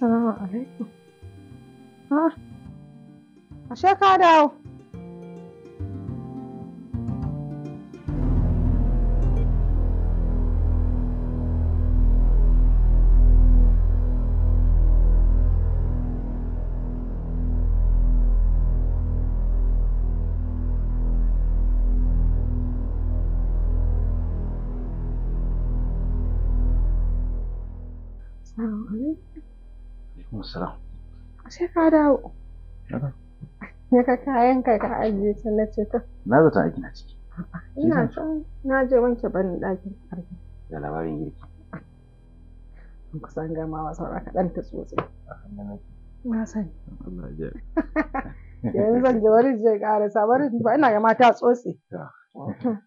Assalamu alaikum. Ah, ashe ka dawo. sai ka dawo ya ka kayan ka ka ajiye ta na ce ta. na zata aiki na ciki ina son na je wanke bani ɗakin ƙarfi da labarin girki kusan gamawa saura kaɗan ta tsotse na sani yanzu zan je wani je ƙarasa wani ba ina ga mata tsotse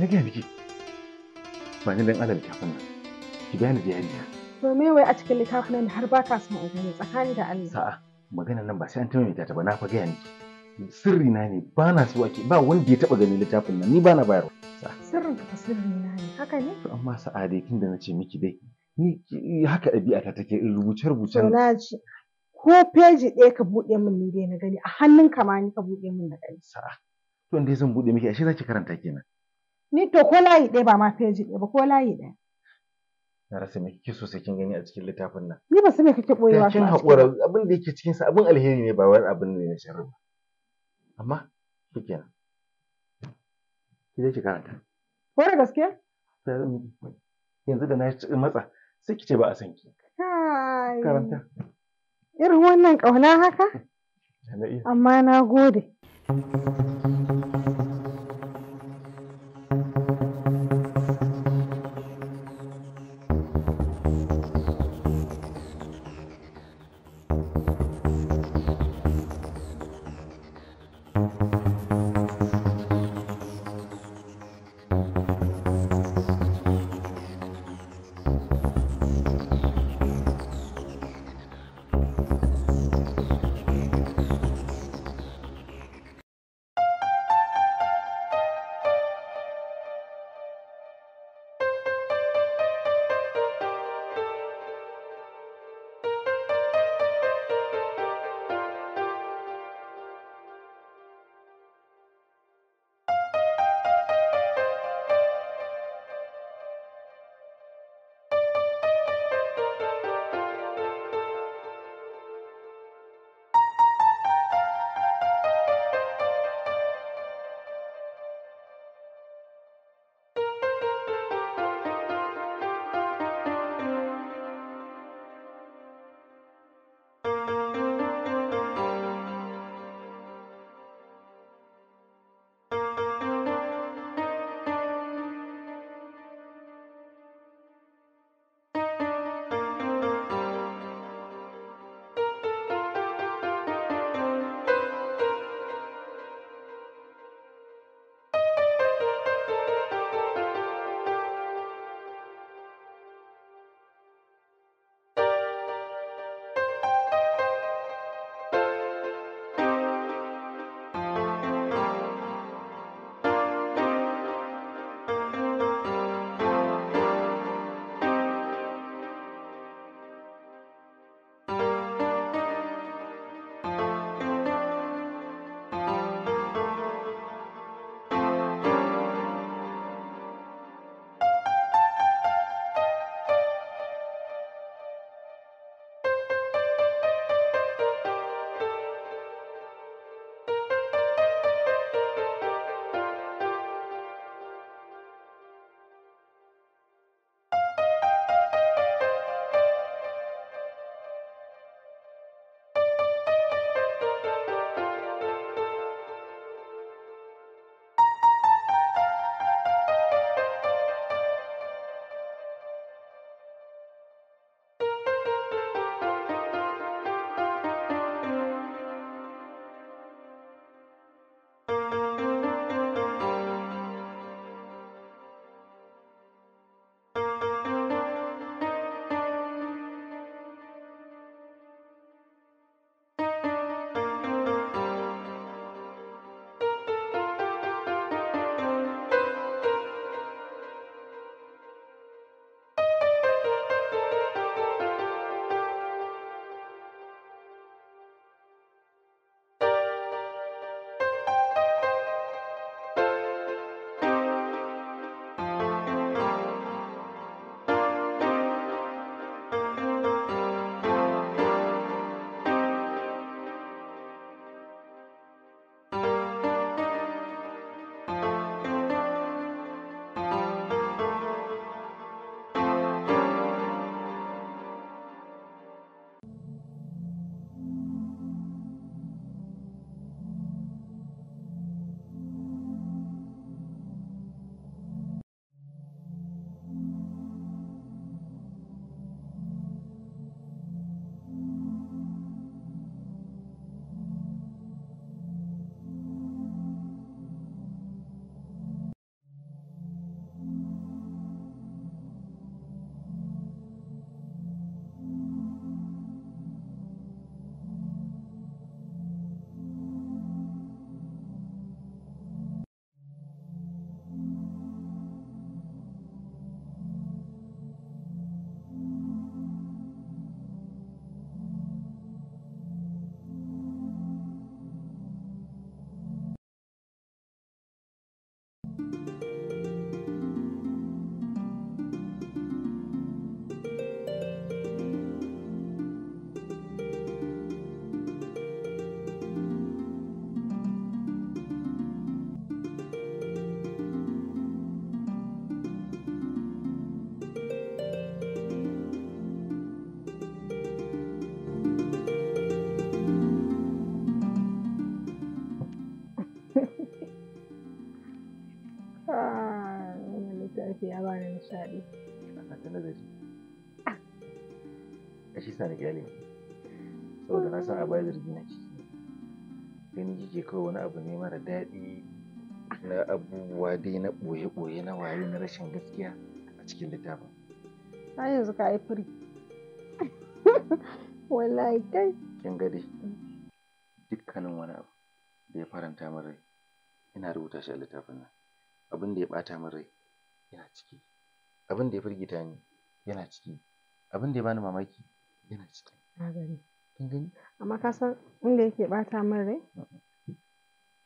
na gaya miki ba ni dan adam kafin nan ki bani bayani to me wai a cikin littafin nan har ba ka son a gani tsakani da Allah sa'a maganar nan ba sai an tuna ta ba na fa gaya ni. sirri na ne ba na so ake ba wanda ya taba gani littafin nan ni ba na bayarwa sirrin ka sirri na ne haka ne to amma sa'a dai da na ce miki dai ni haka ɗabi'ata take rubuce rubuce na ji ko feji ɗaya ka buɗe min ni dai na gani a hannun ka ma ni ka buɗe min na gani sa'a to dai zan buɗe miki ashe zaki karanta kenan Ni to ko layi ɗaya ba ma feji ɗaya ba ko layi ɗaya. Na rasa me kike so sai kin gani a cikin littafin nan. Ni ba su me kake ɓoyewa. Kin haƙura abin da yake cikin sa abin alheri ne ba wani abin ne na sharri ba. Amma yana. Ki je ki karanta. Ko da gaske? Yanzu da na matsa sai ki ce ba a san ki. Karanta. Irin wannan ƙauna haka? Amma na gode. Thank you. daɗi. Ana ta nazari. A shi sa na Saboda na san a baya zargi na ciki. Gani kike kawai wani abu ne mara daɗi na abubuwa dai na ɓoye-ɓoye na waye na rashin gaskiya a cikin littafin. Na yanzu ka yi firi. Wallahi kai. Kin ga dai dukkanin wani abu da ya faranta min rai ina rubuta shi a littafin nan. Abin da ya ɓata min rai yana ciki. abin da ya firgita ni yana ciki abin da ya bani mamaki yana ciki na gani kin gani amma ka san inda yake bata min rai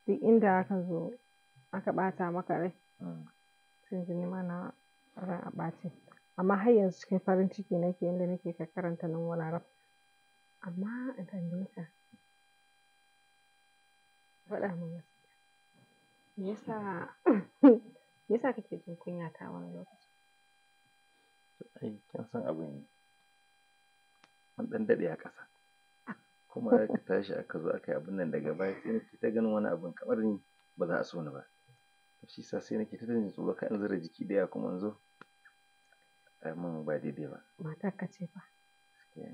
duk inda aka zo aka bata maka rai mm. sai ji ni mana ran a ɓaci amma har yanzu cikin farin ciki nake inda nake ka karanta nan wuraren amma in tambaye ka faɗa min me yasa me yasa kake jin kunya ta wani lokaci ai kin san abin mun ɗan daɗe a ƙasa kuma aka tashi aka zo aka yi abin nan daga baya sai nake ta ganin wani abin kamar ni ba za a so ni ba shi sa sai nake ta jin tsoro ka in jiki da ya kuma in zo ai mun ba daidai ba mata ka ce fa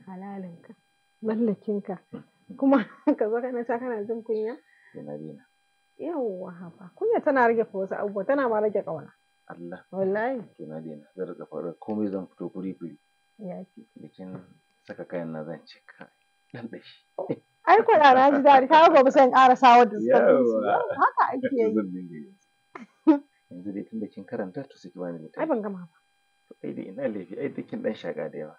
halalin ka mallakin ka hmm. kuma ka zo kana ta kana jin kunya ina dina yawwa ba kunya tana rage wasu abubuwa tana ma rage ƙauna Allah wallahi to na daina zan rika fara komai zan fito kuri-kuri. ya ce bikin saka kayan na zan ce kai dan shi. ai ko na ji daɗi, ka ba sai in ƙara sawa da suka haka ake yi yanzu dai tunda kin karanta to sai ki bani littafi ai ban gama ba to ai dai ina laifi ai dai kin ɗan shaga da yawa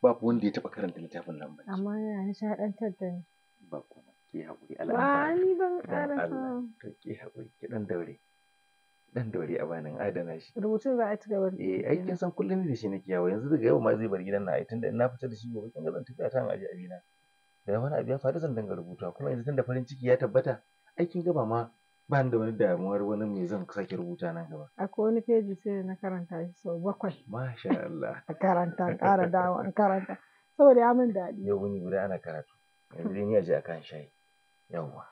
babu wanda ya taɓa karanta littafin nan ba amma yana nishaɗantar da ni ba kuma ki haƙuri Allah ba ni ban ƙara sawa ki haƙuri ki ɗan daure dan dore a banin adana shi rubutun za a ci gaba eh aikin san kullum da shi nake yawo yanzu daga yau ma zai bar gidan na ai tunda ina fita da shi gobe kin ga zan tafi a tan aje abina da wani abu ya faru zan dinga rubuta kuma yanzu tunda farin ciki ya tabbata aikin gaba ma ba da wani damuwar wani me zan sake rubuta nan gaba akwai wani feji sai da na karanta shi sau bakwai masha Allah a karanta an ƙara dawo karanta saboda ya min daɗi yau wuni guda ana karatu yanzu dai ni aje akan shayi yawwa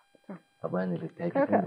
a bani littafi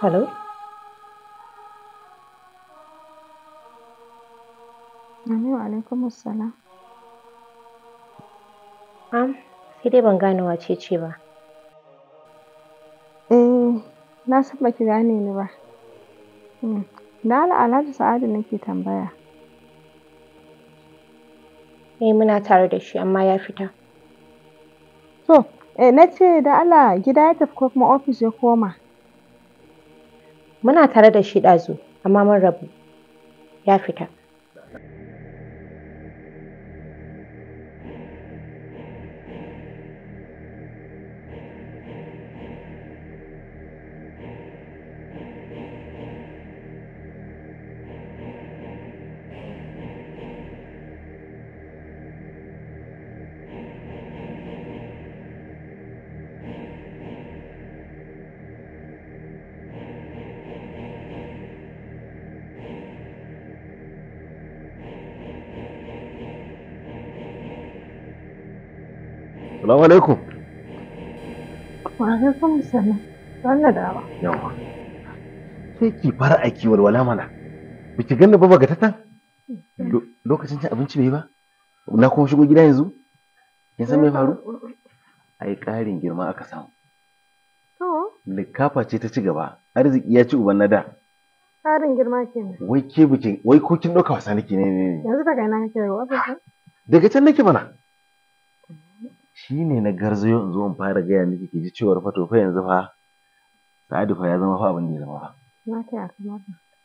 Hello? Amin wa alaikum wa assalam. Am, sai dai ban gane wace ba. Eh, na san baki gane ni ba. Na hmm. Alhaji Sa'adu nake tambaya. Eh, muna tare da shi amma ya fita. To, eh, na ce da Allah gida ya tafi ko kuma ofis ya koma. Muna tare da shi ɗazu, amma mun rabu. Ya fita. Salamu alaikum. Wa alaikum salam. Wannan dawa. Yawa. Sai ki fara aiki walwala mana. Biki ganin ba baga tatan? Lokacin cin abinci bai ba? Na kuma shigo gida yanzu? Ya san me faru? Ai ƙarin girma aka samu. To. Likafa ce ta ci gaba. Arziki ya ci uban na da. Ƙarin girma kenan. Wai ke bikin, wai ko kin ɗauka wasa nake ne ne. Yanzu daga ina kake daga Daga can nake mana. shine na garzayo in zo in fara gaya miki ki ji cewar fa to fa yanzu fa Sa'adu fa ya zama fa abin da ya zama fa. Na taya ka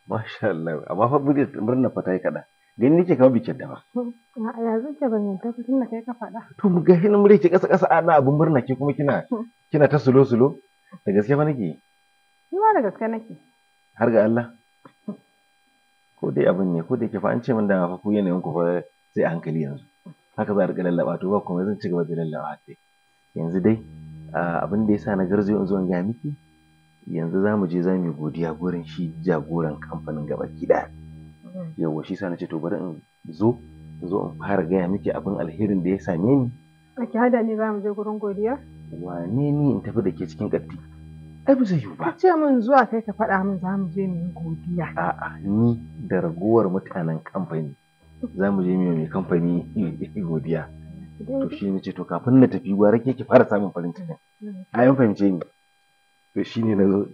Masha Allah amma fa bude murna fa tayi kaɗan. Gani nake kamar bikin da ba. A ya zuke ban yanta tun da kai ka faɗa. To mu ga mu mure ki ƙasa ƙasa na abin murna ke kuma kina kina ta sulo sulo da gaske fa nake. Ni ma da gaske nake. Har ga Allah. Ko dai abin ne ko da yake fa an ce min da fa ku yanayin ku fa sai a hankali yanzu. haka za a riƙa lallaɓa to ba kuma zan ci gaba da lallaɓa dai yanzu dai abin da yasa na garzayo in zo in gaya miki yanzu za mu je za mu yi godiya gurin shi jagoran kamfanin gabaki ɗaya yawwa shi sa na ce to bari in zo in zo in fara gaya miki abin alherin da ya same ni a ki hada ni za mu je gurin godiya wane ni in tafi da ke cikin ƙarfi? ai ba zai yiwu ba ce min zuwa kai ka faɗa min za mu je mu yi godiya a'a ni da ragowar mutanen kamfani za mu je mai kamfani godiya to shi ne ce to kafin na tafi gwara ke ki fara samun farin cikin mm. a yan fahimce ni to shi ne na zo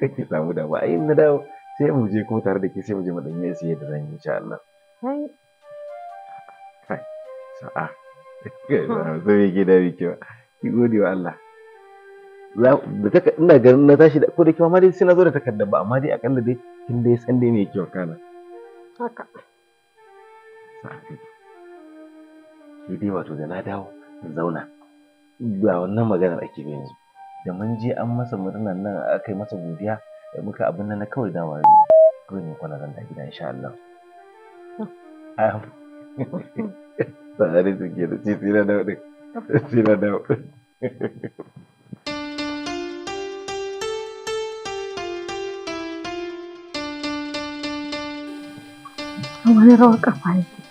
kake samu da ba ayin na dawo sai mu je kuma tare da ke sai mu je mu dan yi sai da zan yi insha Allah kai sa'a zai gida bi kiwa ki gode wa Allah ina ganin na tashi da ko da kiwa ma dai sai na zo da takardar ba amma dai akalla dai kin dai san dai me kyau kana haka sa a kai sai dai wato da na dawo in zauna ba wannan maganar ake bi yanzu da mun je an masa murnar nan aka yi masa godiya da muka abin nan na kawai dama ne kawai ne kwana zan da gida insha Allah Sahari suke da ce sai na dawo ɗin sai na dawo wani rawar kafa yake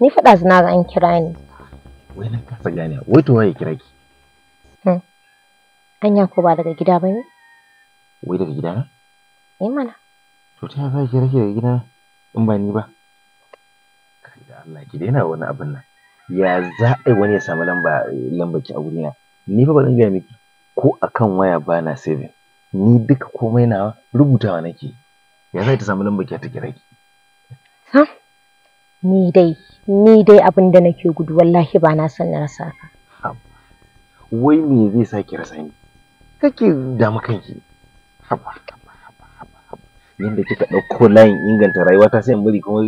Ni faɗa zina an kira ni. Wai na kasa gane, wai to waye kira ki? Anya ko ba daga gida ba ne? Wai daga gida na? Eh mana. To ta yaya za ki rage daga gida in ba ni ba? Kai da Allah ki daina wani abin nan. Ya za a wani ya samu lamba lamba ki a wurina? Ni fa ba zan gaya miki ko akan waya ba na saving. Ni duka komai na rubutawa nake. Ya za ta samu lamba ki ta kira ki? Ha? Ni dai ni dai abin da nake gudu wallahi ba na san na rasa ka. Wai me zai sa ki rasa ni? kake damu kanki haba haba haba haba yanda kika ɗauko layin inganta rayuwa ta sai muri bari kuma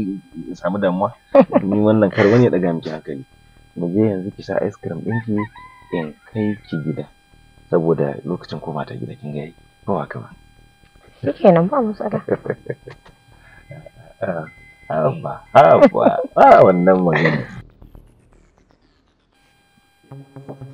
samu damuwa ni wannan kar wani ya ɗaga miki hankali mu je yanzu ki sha ice cream ɗinki in kai ki gida saboda lokacin koma ta gida kin ga ba wa kama shikenan ba matsala Haba, haba, ba wannan magana. Thank you.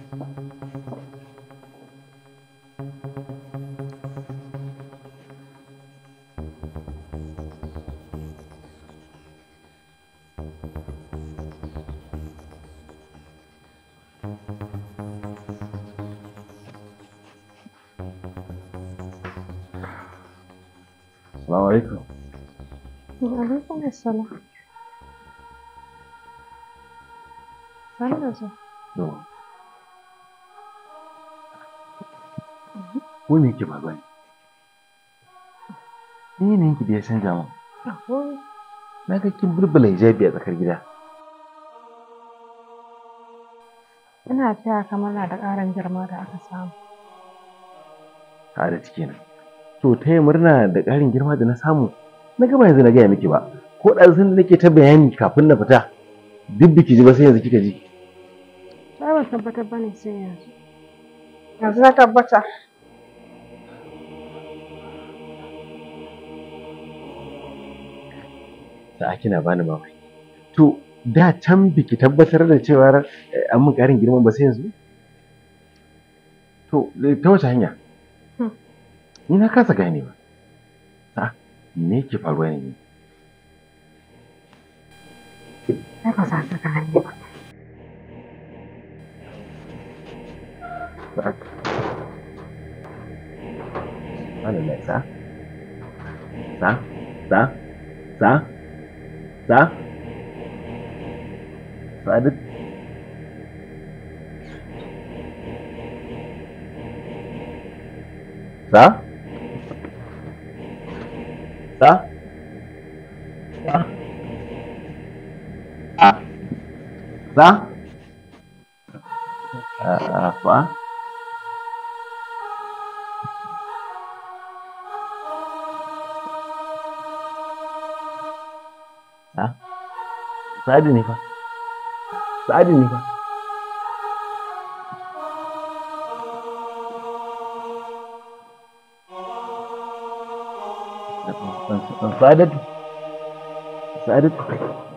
Assalamu alaikum. Wa alaikum assalam. baba ne? Ni ne yake da ya canja min. Na ga kin bulbula hijabi a tsakar gida. ina taya ka murna da ƙarin girma da aka samu. da kenan. To taya murna da ƙarin girma da na samu na gaba yanzu na gaya miki ba. Ko da sun nake ta bayani kafin na fita duk biki ji ba sai yanzu kika ji. Ba ban tabbatar bane sai yanzu. Yanzu na tabbata. Sa'a kina bani mamaki. To da can biki tabbatar da cewa eh, an mun ƙarin girman ba sai yanzu to eh, ta wace hanya hmm. ni na kasa gane ba a ah, me ke faruwa ne ai ba za ka ba Sa? Sa? Sa? Sa? Sa? فقامت صح؟ صح؟ صح؟ صح؟ apa? Hah? saya ini Pak. I'm Excited? I'm Sadatu.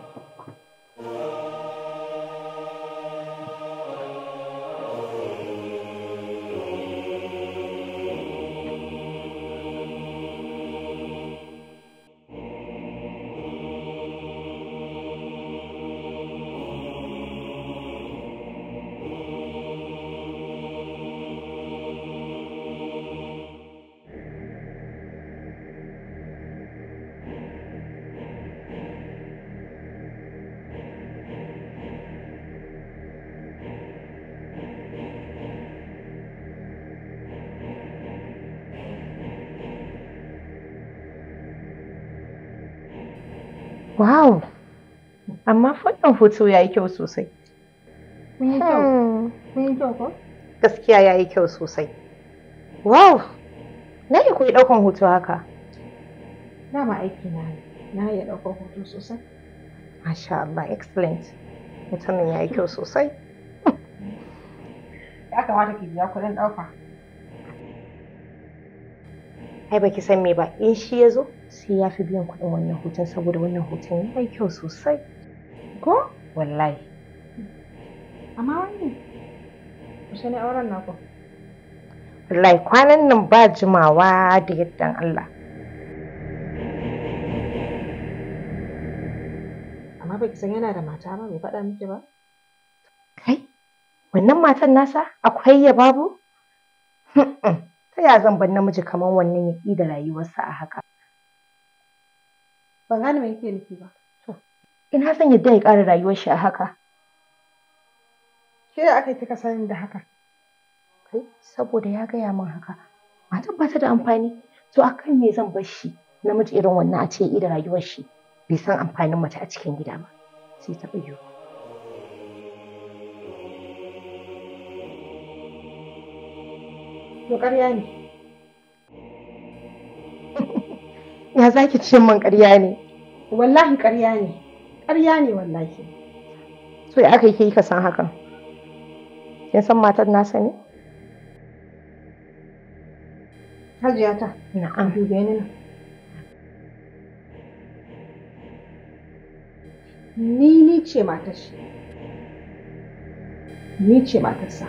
hoto ya yi kyau sosai hmm. gaskiya ya yi kyau sosai wow na yi kuwa ɗaukan hutu haka dama aiki na yi, na yi ɗaukan hutu sosai masha Allah excellent mutumin ya yi kyau sosai ya kamata ki biya kuɗin ɗauka ai baki san me ba in shi ya zo sai ya fi biyan kuɗin wannan hutun saboda wannan hutun ya yi kyau sosai ko wallahi amma wannan kusa ne auren nako? wallahi kwanan nan ba jimawa da yadda Allah amma ba san yana da mata ba bai faɗa miki ba kai wannan matan nasa akwai ya babu ta ya zan bar namiji kamar wannan ya ƙi da rayuwarsa a haka ban gane me yake nufi ba Ina son yadda ya ƙara rayuwar shi a haka. Ke da aka yi ta sanin da haka? Kai, saboda ya gaya min haka. Matar ba da amfani. To a kan me zan bar shi namiji irin wannan a ce ya da rayuwar shi bai san amfanin mace a cikin gida ba. Sai ta yiwu. To ƙarya ne. Ya za ki ce min ƙarya ne? Wallahi ƙarya ne. ƙarya ne wallahi so ya aka yi ka san hakan kin san matar na sani hajiya ta na'am dube ni ni ni ce matar shi ni ce matar matarsa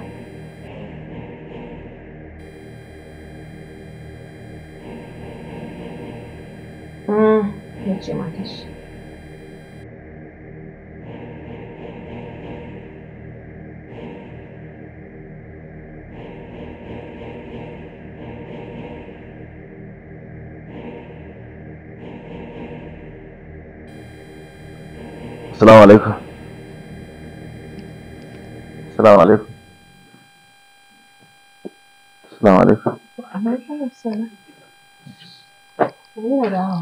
hmm, ni ce matar shi Assalamu alaikum. Assalamu alaikum. Assalamu alaikum.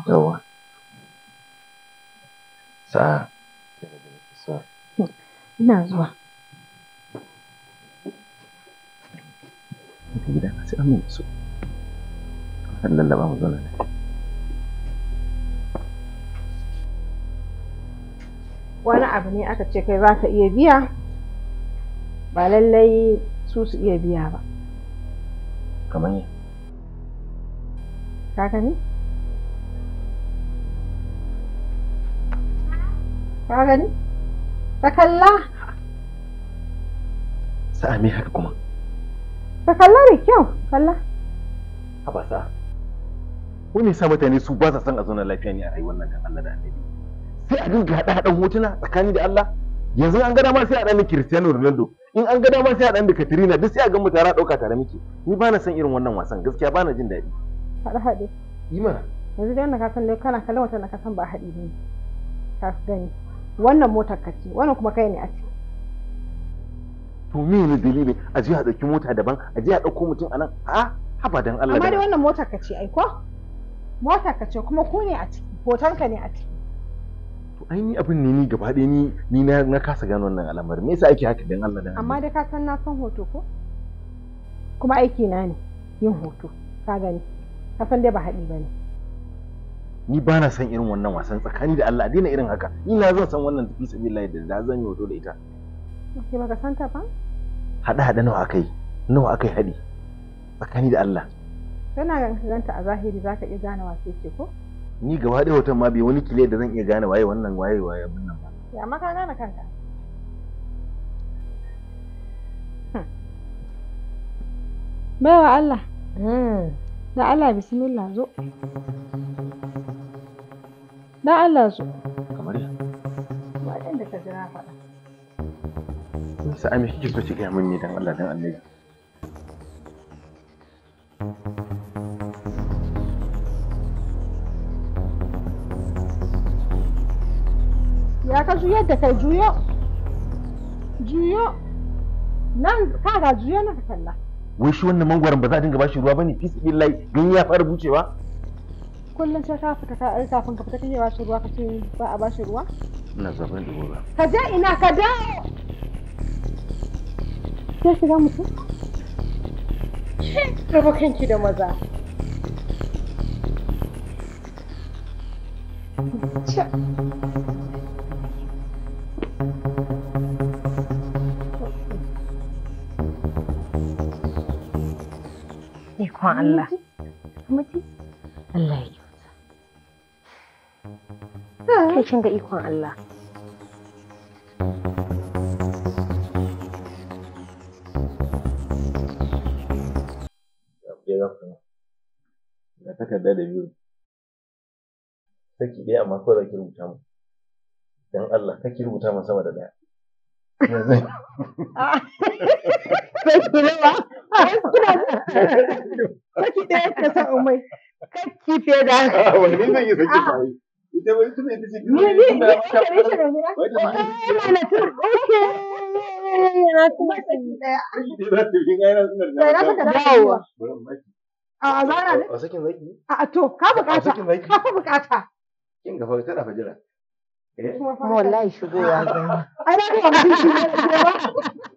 Yawa. Sa'a. Ina zuwa. Daga gida wani abu ne aka ce kai za ka iya biya ba lallai su su iya biya ba kamar yi kaka ne? ka gani kalla sa'a haka kuma ka kalla da kyau kalla haba sa'a wani sa mutane su ba sa son a zonar lafiya ne a rayuwar nan kan Allah da Annabi sai a dinga haɗa haɗa hotuna tsakani da Allah yanzu an gada ma sai a ɗan Cristiano Ronaldo in an gada ma sai a ɗan da Katrina duk sai a ga mutara ɗauka tare muke ni ba na san irin wannan wasan gaskiya ba na jin daɗi haɗe haɗe mana yanzu dai yanda ka san dai kana kallon wata na ka san ba haɗi ne ka gani wannan motar ka ce wannan kuma kai ne a ce. to me ne dalili a je a ɗauki mota daban a je a ɗauko mutum a nan a ah, haba dan Allah amma dai wannan motar ka ce ai ko motar ka ce kuma ku ne a ciki hoton ka ne a ciki to an yi abin ne ni gaba ɗaya ni ni na kasa gano wannan al'amarin me yasa ake haka dan Allah dan amma da ka san na san hoto ko kuma aiki na ne yin hoto ka gani ka san dai ba haɗi ba ne ni ba na san irin wannan wasan tsakani da Allah daina irin haka ni na zan san wannan tafi lai da da zan yi hoto da ita ke baka san ta ba haɗa haɗa nawa akai nawa akai haɗi tsakani da Allah kana ganta a zahiri zaka iya gane wace ce ko ni gaba ɗaya hoton ma bai wani kile da zan iya gane waye wannan waye waye wannan ba ya ma ka gane kanka hmm. baiwa Allah hmm. da Allah bismillah zo da Allah zo kamar ya Ba waɗanda ka jira faɗa sa'ami kike so ki ga mun ne dan Allah dan Allah. Ya ka juyar da kai juyo. Juyo. Nan kaga juyo na ka kalla. Wai shi wannan mangwaron ba za a dinga bashi ruwa bane fi sabi lai gani ya fara bucewa. Kullum sai ka fita ka kafin ka fita kake bashi ruwa kace ba a bashi ruwa. Ina zaban da gobe. Ka je ina ka dawo. ke shiga mutum. Raba kanki da maza. Tchau. Ikon Allah. Allah ya kyauta. Kai ikon Allah. takarda da biyu. Saki ɗaya amma ki rubuta mu. Don Allah, ki rubuta mu sama da Yanzu. Saki ɗaya ka sa umai. Ah, wani A ne?